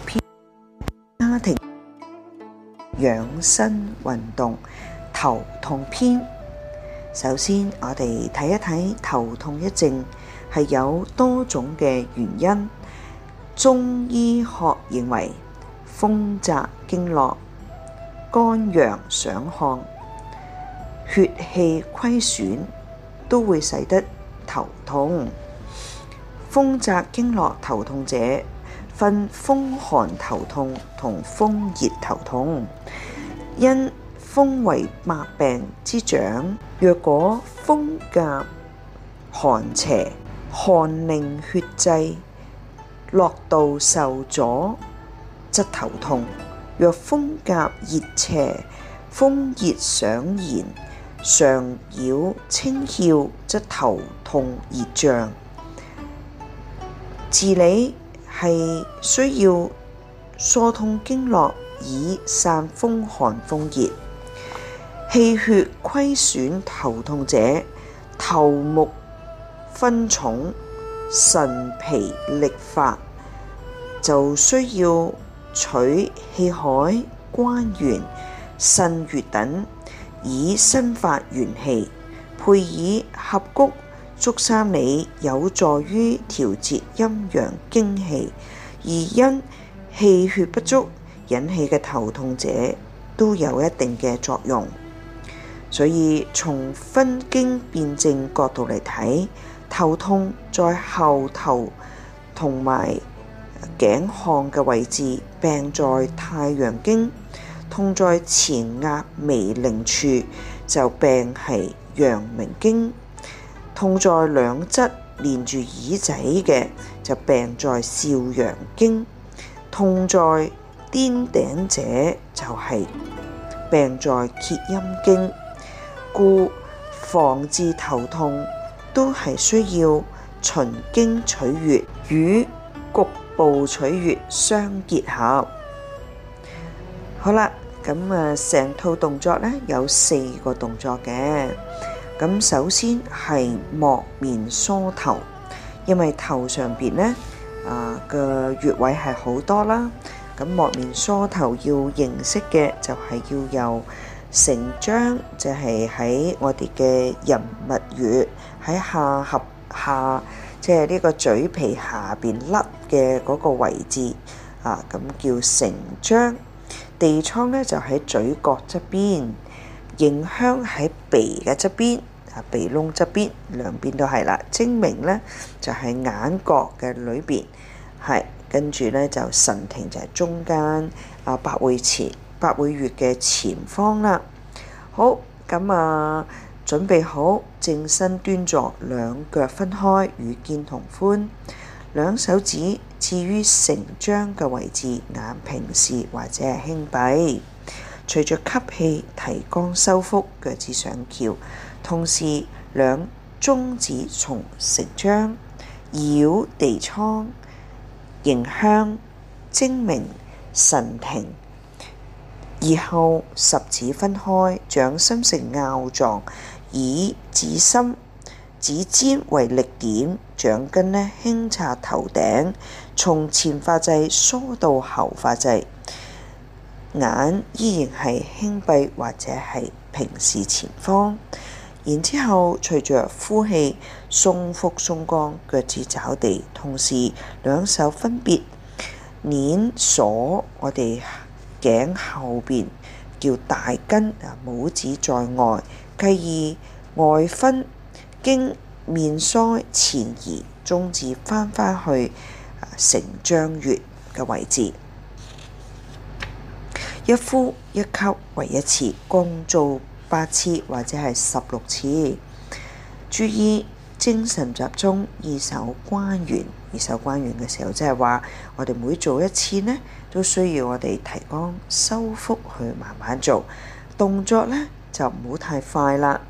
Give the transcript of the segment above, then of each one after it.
偏家庭養生運動頭痛篇，首先我哋睇一睇頭痛一症係有多種嘅原因。中醫學認為，風則經絡、肝陽上亢、血氣虧損都會使得頭痛。風則經絡頭痛者。分風寒頭痛同風熱頭痛，因風為百病之長。若果風夾寒邪，寒凝血滯，絡道受阻，則頭痛；若風夾熱邪，風熱上炎，上擾清竅，則頭痛熱脹。治理。係需要疏通經絡，以散風寒風熱，風熱。氣血虧損頭痛者，頭目昏重、神疲力乏，就需要取氣海、關元、腎俞等，以生發元氣，配以合谷。足三里有助於調節陰陽經氣，而因氣血不足引起嘅頭痛者都有一定嘅作用。所以從分經辨證角度嚟睇，頭痛在後頭同埋頸項嘅位置，病在太陽經；痛在前額眉棱處，就病係陽明經。痛在兩側連住耳仔嘅，就病在少陽經；痛在顛頂者，就係、是、病在厥陰經。故防治頭痛都係需要循經取穴，與局部取穴相結合。好啦，咁啊，成套動作呢有四個動作嘅。咁首先係摩面梳頭，因為頭上邊咧啊嘅穴位係好多啦。咁摩面梳頭要認識嘅就係要有承漿，就係、是、喺我哋嘅任脈穴，喺下合下即係呢個嘴皮下邊甩嘅嗰個位置啊，咁叫承漿。地倉咧就喺嘴角側邊，迎香喺鼻嘅側邊。啊鼻窿側邊，兩邊都係啦。睛明呢就係眼角嘅裏邊，係跟住呢就神庭就係中間啊，百會前百會穴嘅前方啦。好，咁啊，準備好正身端坐，兩腳分開與肩同寬，兩手指置於成張嘅位置，眼平視或者係輕閉。隨着吸氣，提肛收腹，腳趾上翹。同時，兩中指從承漿繞地倉、迎香、睛明、神庭，然後十指分開，掌心成凹狀，以指心、指尖為力點，掌根呢輕擦頭頂，從前髮際梳到後髮際，眼依然係輕閉或者係平視前方。然之後隨着，隨著呼氣，鬆腹鬆肛，腳趾抓地，同時兩手分別捏鎖我哋頸後邊，叫大筋啊，拇指在外，繼而外分經面腮前移，中指返返去成章穴嘅位置，一呼一吸為一次，共做八次或者係十六次，注意精神集中，二手關元。二手關元嘅時候，即係話我哋每做一次呢，都需要我哋提肛收腹去慢慢做動作呢，就唔好太快啦。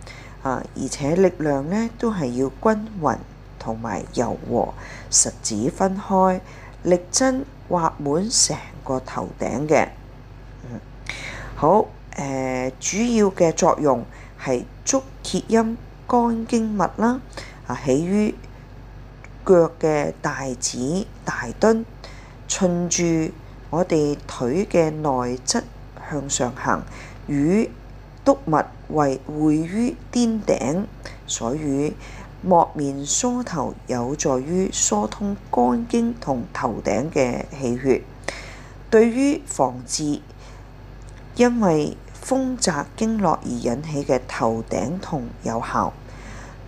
啊，而且力量呢都係要均匀同埋柔和，十指分開，力真畫滿成個頭頂嘅。嗯。好。誒主要嘅作用係足厥陰肝經脈啦，啊，起於腳嘅大趾大敦，循住我哋腿嘅內側向上行，與督脈為會於巔頂，所以摩面梳頭有助於疏通肝經同頭頂嘅氣血，對於防治因為風擋經絡而引起嘅頭頂痛有效。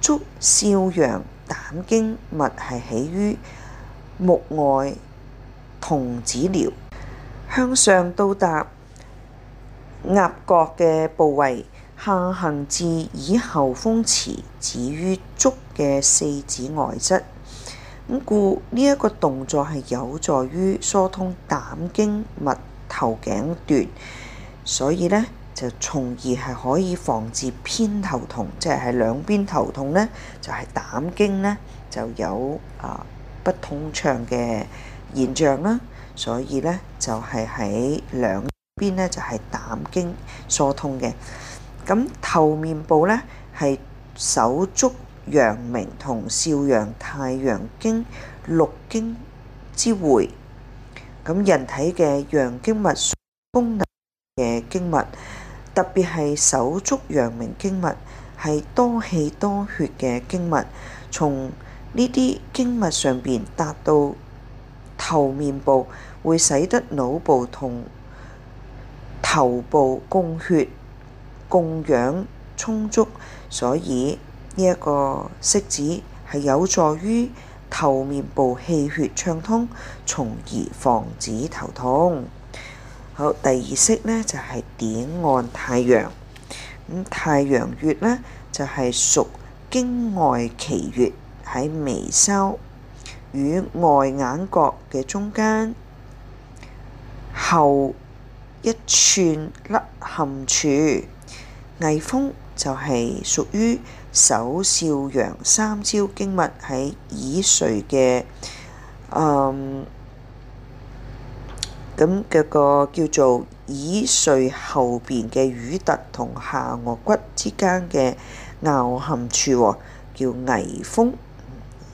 足少陽膽經脈係起於目外瞳子髎，向上到達額角嘅部位，下行至耳後風池，止於足嘅四指外側。咁故呢一個動作係有助於疏通膽經脈頭頸段，所以呢。就從而係可以防止偏頭痛，即係係兩邊頭痛呢，就係膽經呢就有啊不通暢嘅現象啦。所以呢就係喺兩邊呢就係膽經疏通嘅。咁頭面部呢係手足陽明同少陽太陽經六經之會。咁人體嘅陽經脈功能嘅經脈。特別係手足陽明經脈係多氣多血嘅經脈，從呢啲經脈上邊達到頭面部，會使得腦部同頭部供血供氧充足，所以呢一個式子係有助於頭面部氣血暢通，從而防止頭痛。好，第二式呢就係點按太陽。咁太陽穴呢就係屬經外奇穴，喺眉梢與外眼角嘅中間後一寸凹陷處。翳風就係屬於手少陽三焦經脈，喺耳垂嘅嗯。咁嗰個叫做耳垂後邊嘅乳突同下頜骨之間嘅凹陷處，叫翳風。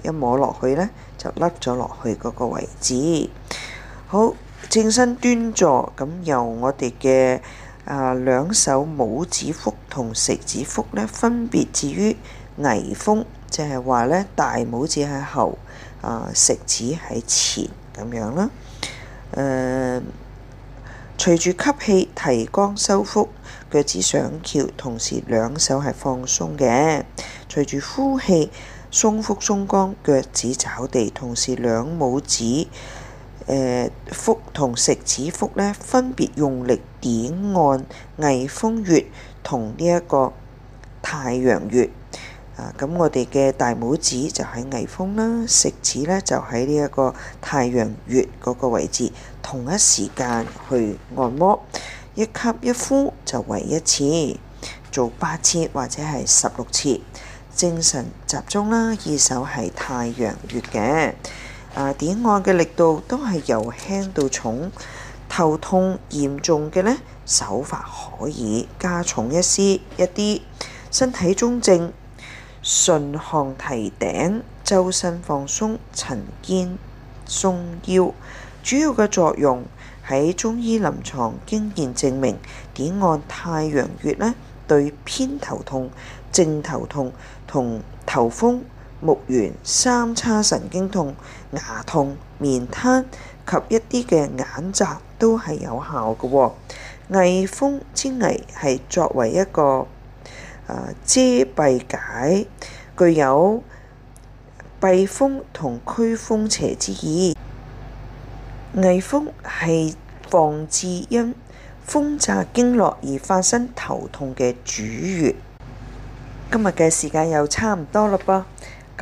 一摸落去咧，就甩咗落去嗰個位置。好，正身端坐，咁由我哋嘅啊兩手拇指腹同食指腹咧，分別置於翳風，即係話咧大拇指喺後，啊食指喺前咁樣啦。誒、嗯，隨住吸氣提肛收腹，腳趾上翹，同時兩手係放鬆嘅。隨住呼氣鬆腹鬆肛，腳趾找地，同時兩拇指、呃、腹同食指腹呢，分別用力點按翳風穴同呢一個太陽穴。啊！咁我哋嘅大拇指就喺危峰啦，食指咧就喺呢一個太陽穴嗰個位置，同一時間去按摩，一吸一呼就為一次，做八次或者係十六次，精神集中啦。二手係太陽穴嘅，啊點按嘅力度都係由輕到重。頭痛嚴重嘅咧手法可以加重一絲一啲，身體中正。順項提頂，周身放鬆，沉肩鬆腰。主要嘅作用喺中醫臨床經驗證明，點按太陽穴咧，對偏頭痛、正頭痛、同頭風、目眩、三叉神經痛、牙痛、面癱及一啲嘅眼疾都係有效嘅。魏峰之危係作為一個。啊、遮蔽解具有避風同驅風邪之意。翳風係防治因風炸經絡而發生頭痛嘅主穴。今日嘅時間又差唔多喇噃，噉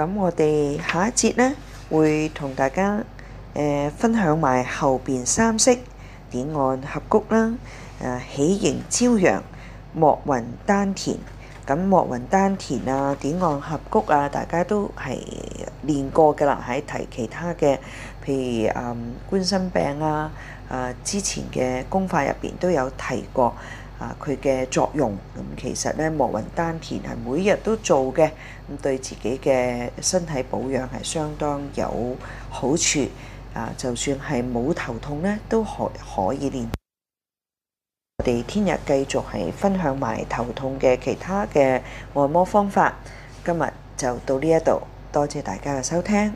咁我哋下一節呢，會同大家誒、呃、分享埋後邊三式點按合谷啦。誒喜迎朝陽，莫雲丹田。咁莫雲丹田啊、點按合谷啊，大家都係練過嘅啦。喺提其他嘅，譬如誒、嗯、冠心病啊、誒、啊、之前嘅功法入邊都有提過啊，佢嘅作用咁、嗯、其實咧莫雲丹田係每日都做嘅，咁對自己嘅身體保養係相當有好處。啊，就算係冇頭痛咧，都可以可以練。我哋聽日繼續係分享埋頭痛嘅其他嘅按摩方法，今日就到呢一度，多謝大家嘅收聽。